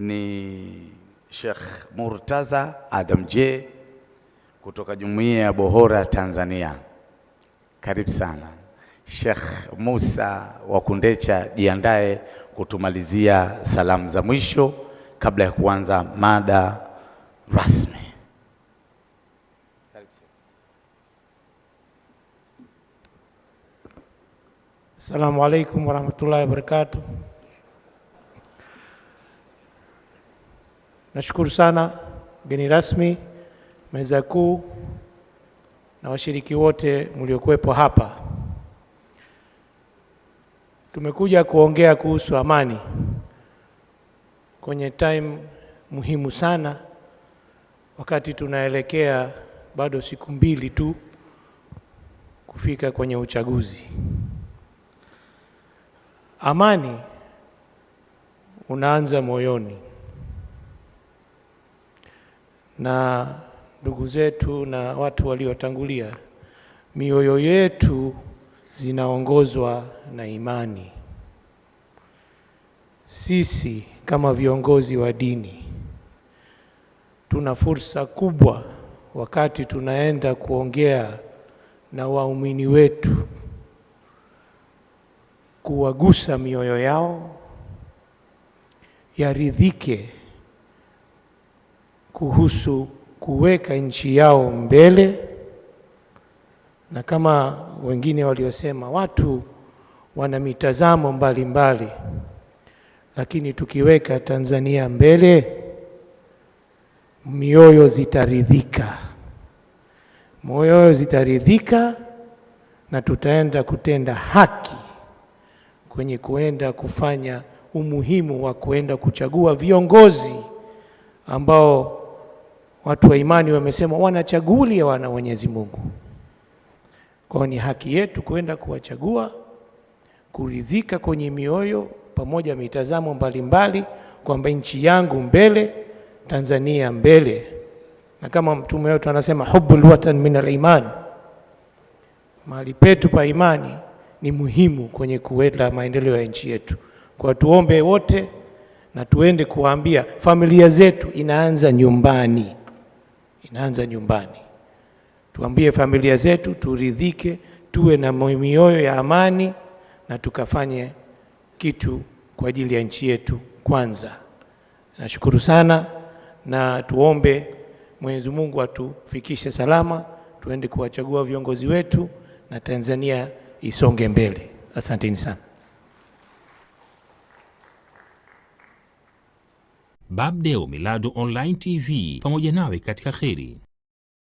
ni Sheikh Murtaza Adam J kutoka Jumuiya ya Bohora Tanzania. Karibu sana Sheikh Musa wa Kundecha, jiandae kutumalizia salamu za mwisho kabla ya kuanza mada rasmi. Assalamu alaikum warahmatullahi wabarakatuh. Nashukuru sana mgeni rasmi, meza kuu na washiriki wote mliokuwepo hapa. Tumekuja kuongea kuhusu amani kwenye time muhimu sana, wakati tunaelekea bado siku mbili tu kufika kwenye uchaguzi. Amani unaanza moyoni na ndugu zetu na watu waliotangulia, mioyo yetu zinaongozwa na imani. Sisi kama viongozi wa dini tuna fursa kubwa wakati tunaenda kuongea na waumini wetu, kuwagusa mioyo yao yaridhike kuhusu kuweka nchi yao mbele, na kama wengine waliosema, watu wana mitazamo mbalimbali mbali, lakini tukiweka Tanzania mbele, mioyo zitaridhika, mioyo zitaridhika na tutaenda kutenda haki kwenye kuenda kufanya umuhimu wa kuenda kuchagua viongozi ambao watu wa imani wamesema wanachagulia wana Mwenyezi Mungu. Kwao ni haki yetu kwenda kuwachagua, kuridhika kwenye mioyo pamoja mitazamo mbalimbali kwamba nchi yangu mbele, Tanzania mbele, na kama mtume wetu anasema hubbul watan min al-iman, mahali petu pa imani ni muhimu kwenye kuweta maendeleo ya nchi yetu. Kwa tuombe wote na tuende kuwaambia familia zetu, inaanza nyumbani inaanza nyumbani. Tuambie familia zetu turidhike, tuwe na mioyo ya amani na tukafanye kitu kwa ajili ya nchi yetu kwanza. Nashukuru sana na tuombe Mwenyezi Mungu atufikishe salama, tuende kuwachagua viongozi wetu na Tanzania isonge mbele. Asanteni sana. Babdeo Miladu Online TV pamoja nawe katika kheri.